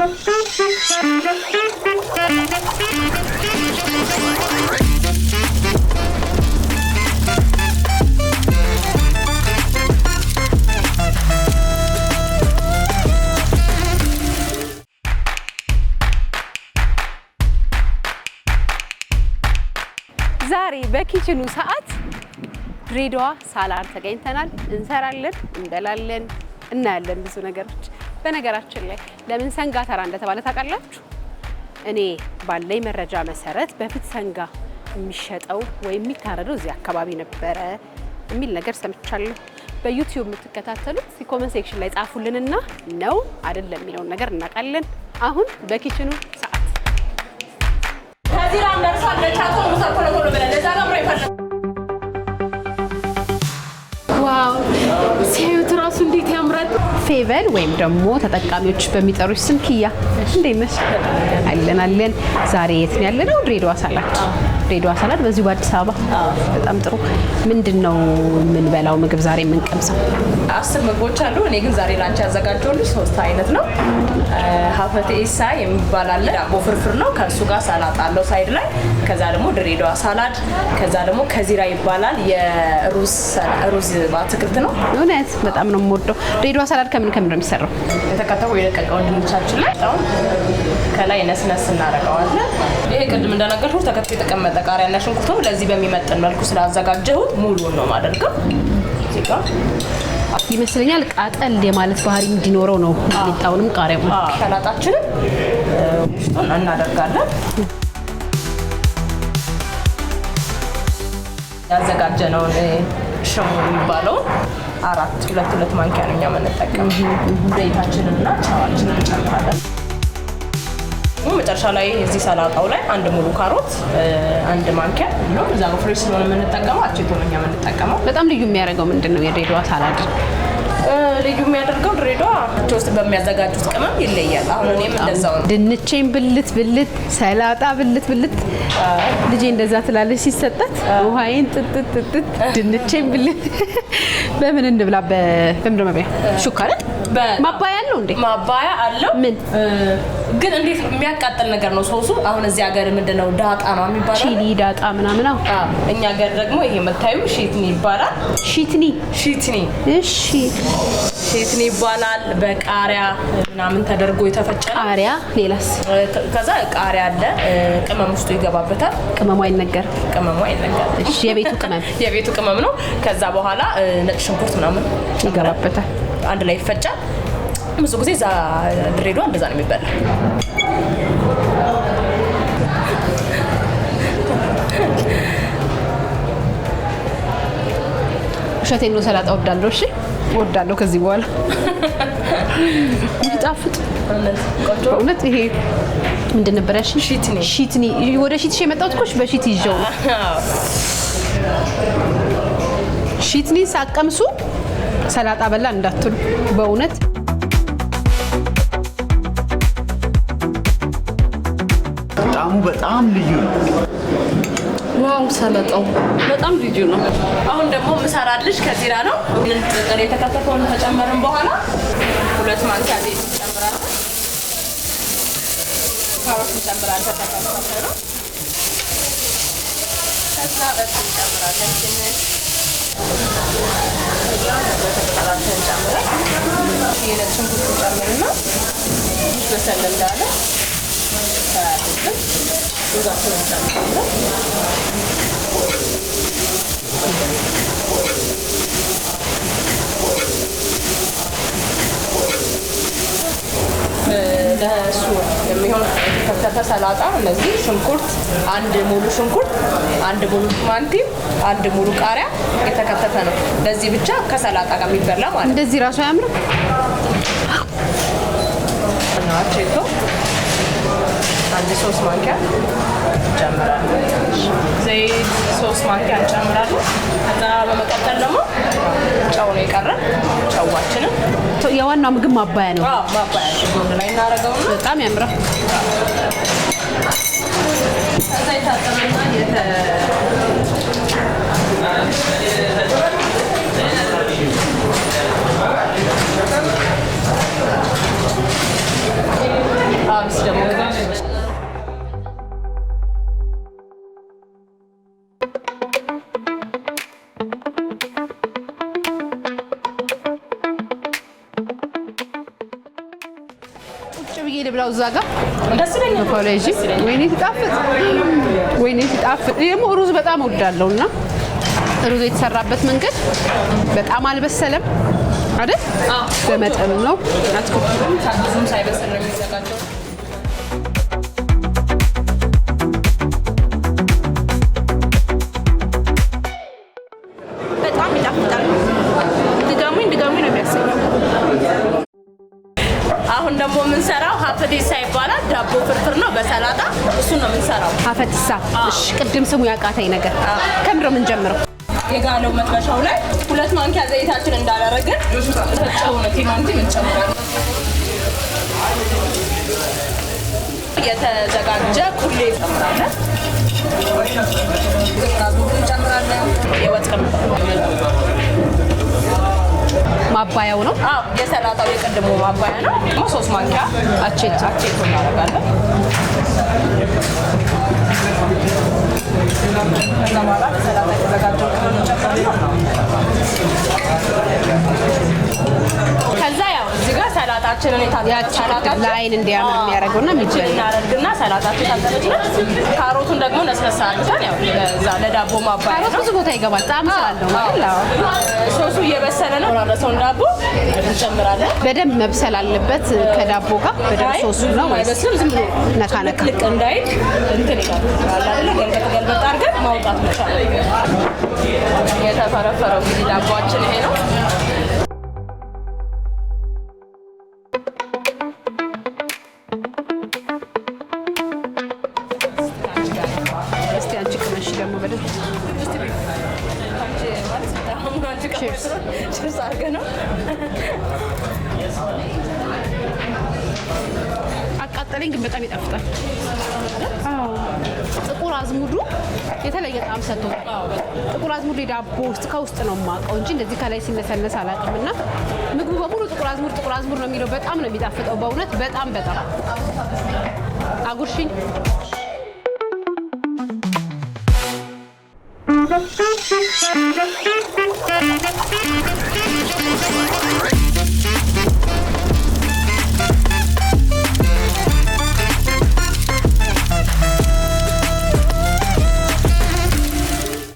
ዛሬ በኪችኑ ሰዓት ድሬዳዋ ሳላር ተገኝተናል። እንሰራለን፣ እንበላለን፣ እናያለን ብዙ ነገሮች በነገራችን ላይ ለምን ሰንጋ ተራ እንደተባለ ታውቃላችሁ? እኔ ባለኝ መረጃ መሰረት በፊት ሰንጋ የሚሸጠው ወይም የሚታረደው እዚህ አካባቢ ነበረ የሚል ነገር ሰምቻለሁ። በዩቲዩብ የምትከታተሉት ኮመንት ሴክሽን ላይ ጻፉልንና ነው አይደለም የሚለውን ነገር እናውቃለን። አሁን በኪችኑ ሰዓት ዋው ፌቨል ወይም ደግሞ ተጠቃሚዎች በሚጠሩ ስም ኪያ፣ እንዴት ነሽ? አለን አለን። ዛሬ የት ነው ያለነው? ድሬዳዋ ሳላችሁ ድሬዳዋ ሳላት በዚሁ በአዲስ አበባ በጣም ጥሩ። ምንድን ነው የምንበላው ምግብ ዛሬ የምንቀምሰው? አስር ምግቦች አሉ። እኔ ግን ዛሬ ላንቺ ያዘጋጀሁልሽ ሶስት አይነት ነው። ሀፈቴ ኢሳ የሚባል አለ፣ ዳቦ ፍርፍር ነው። ከእሱ ጋር ሰላጣ አለው ሳይድ ላይ። ከዛ ደግሞ ድሬዳዋ ሳላድ፣ ከዛ ደግሞ ከዚራ ይባላል የሩዝ አትክልት ነው። እውነት በጣም ነው የምወደው። ድሬዳዋ ሳላድ ከምን ከምን ነው የሚሰራው? የተከተፉ የደቀቀውን ድንቻችን ላይ ከላይ ነስነስ እናደርገዋለን። ይሄ ቅድም እንደነገርኩት ተከትፎ የተቀመጠ ቃሪያና ሽንኩርቱ ለዚህ በሚመጥን መልኩ ስላዘጋጀሁት ሙሉ ነው ማደርገው ይመስለኛል። ቃጠል የማለት ባህሪ እንዲኖረው ነው። ሊጣውንም ቃሪያ ሰላጣችንን እናደርጋለን። ያዘጋጀነውን ሽሙ የሚባለውን አራት ሁለት ሁለት ማንኪያ ነው እኛ የምንጠቀመው። ዘይታችንንና ጨዋችንን እንጨምራለን። መጨረሻ ላይ እዚህ ሰላጣው ላይ አንድ ሙሉ ካሮት አንድ ማንኪያ ነው። እዛ ፍሬሽ ስለሆነ የምንጠቀመው አቼቶ ነው የምንጠቀመው። በጣም ልዩ የሚያደርገው ምንድን ነው? የድሬዳዋ ሳላድ ልዩ የሚያደርገው ድሬዳዋ ውስጥ በሚያዘጋጁት ቅመም ይለያል። አሁን እኔም እንደዛው ነው። ድንቼን ብልት ብልት፣ ሰላጣ ብልት ብልት። ልጄ እንደዛ ትላለች ሲሰጣት፣ ውሃዬን ጥጥት ጥጥት፣ ድንቼን ብልት። በምን እንብላ? በምንድን ነው መብያ ሹካረት ማባያ አለው እንዴ? ማባያ አለው ምን ግን እንዴት የሚያቃጥል ነገር ነው ሶሱ። አሁን እዚህ ሀገር ምንድነው ዳጣ ነው የሚባለው፣ ቺሊ ዳጣ ምናምን። እኛ ሀገር ደግሞ ይሄ የምታዩ ሺትኒ ይባላል። ሺትኒ ሺትኒ፣ እሺ፣ ሺትኒ ይባላል። በቃሪያ ምናምን ተደርጎ የተፈጨ ቃሪያ። ሌላስ? ከዛ ቃሪያ አለ፣ ቅመም ውስጡ ይገባበታል። ቅመሙ አይነገርም፣ ቅመሙ አይነገርም። እሺ፣ የቤቱ ቅመም የቤቱ ቅመም ነው። ከዛ በኋላ ነጭ ሽንኩርት ምናምን ይገባበታል። አንድ ላይ ይፈጫል። ግን ብዙ ጊዜ እዛ ድሬዳዋ እንደዛ ነው የሚበላ። ውሸቴን ነው። ሰላጣ ወዳለሁ። እሺ ወዳለሁ። ከዚህ በኋላ ይጣፍጥ እውነት። ይሄ ምንድን ነበር ያልሽኝ? ሺትኒ። ወደ ሺትሽ የመጣሁት እኮ በሺት ይዤው ነው። ሺትኒ ሳቀምሱ ሰላጣ በላ እንዳትሉ በእውነት ጣዕሙ በጣም ልዩ ነው። ዋው ሰለጠው በጣም ልዩ ነው። አሁን ደግሞ ምሰራልሽ ከዚራ ነው የተከተፈውን ተጨመርን በኋላ ሁለት ማንኪያ ዘይት ካሮት እንጨምራለን ተከተፈ ነው። ከዛ እርስ እንጨምራለን ትንሽ ጨምረን የነጭን ጉድ ጨምርና በሰል እንዳለ ለሱ ጨምራለሁ። ለእሱ የሚሆን የተከተፈ ሰላጣ እነዚህ ሽንኩርት፣ አንድ ሙሉ ሽንኩርት፣ አንድ ሙሉ ቲማቲም፣ አንድ ሙሉ ቃሪያ የተከተፈ ነው። ለዚህ ብቻ ከሰላጣ ጋር የሚበላ ማለት ነው። እንደዚህ ራሱ አያምርም። አንድ ሶስት ማንኪያ ጨምራለሁ። ዘይት ሶስት ማንኪያ እንጨምራለሁ። ከዛ በመቀጠል ደግሞ ጨው ነው የቀረ። ጨዋችንም የዋናው ምግብ ማባያ ነው። ማባያ ጎን ላይ እናደርገው። በጣም ያምራል። ከዛ የታጠበና ሄድ ብላው እዛ ጋር ኮሌጅ። ወይኔ ሲጣፍጥ፣ ወይኔ ሲጣፍጥ። ደግሞ ሩዝ በጣም እወዳለሁ እና ሩዝ የተሰራበት መንገድ በጣም አልበሰለም አይደል? በመጠኑ ነው። ነው የሚዘጋጀው። አሁን ደግሞ የምንሰራው ሀፈቴሳ ይባላል። ዳቦ ፍርፍር ነው በሰላጣ እሱ ነው የምንሰራው። ሀፈቴሳ። እሺ፣ ቅድም ስሙ ያቃተኝ ነገር ከምንድን ምን ጀምረው የጋለው መጥበሻው ላይ ሁለት ማንኪያ ዘይታችን እንዳደረግን ተጨውነ ቲማቲም እንጨምራለን። የተዘጋጀ ቁሌ እንጨምራለን። የወጥ ቅመም ማባያው ነው። አዎ የሰላጣው የቅድሙ ማባያ ነው። ሶስት ማንኪያ አቼቶ አቼቶ እናደርጋለን። ከዛ ነው ሰላጣችንን ለአይን እንዲያምር የሚያደርገው እና የሚያደርግና ሰላጣችን ታጠበችለት ካሮቱን ደግሞ ነስነሳ አድርገን ያው ለዳቦ ማባያ ካሮት ብዙ ቦታ ይገባል። ጣም ስላለው ሶሱ እየበሰለ ነው። ራረሰውን ዳቦ እንጨምራለን። በደንብ መብሰል አለበት ከዳቦ ጋር በደንብ ሶሱ ነው ወይስ ዝም ብሎ ነካ ነካ ልቅ እንዳይ እንትን ይላል አላለ ገልበጥ አድርገን ማውጣት ብቻ ነው። የተፈረፈረው እንግዲህ ዳቦአችን ይሄ ነው። ቺርስ አድርገ ነው አቃጠለኝ፣ ግን በጣም ይጣፍጣል። ጥቁር አዝሙዱ የተለየ ጣዕም ሰጥቶ ጥቁር አዝሙድ የዳቦ ውስጥ ከውስጥ ነው የማውቀው እንጂ እንደዚህ ከላይ ሲነሰነስ አላውቅም። እና ምግቡ በሙሉ ጥቁር አዝሙድ ጥቁር አዝሙድ ነው የሚለው በጣም ነው የሚጣፍጠው። በእውነት በጣም በጣም አጉርሽኝ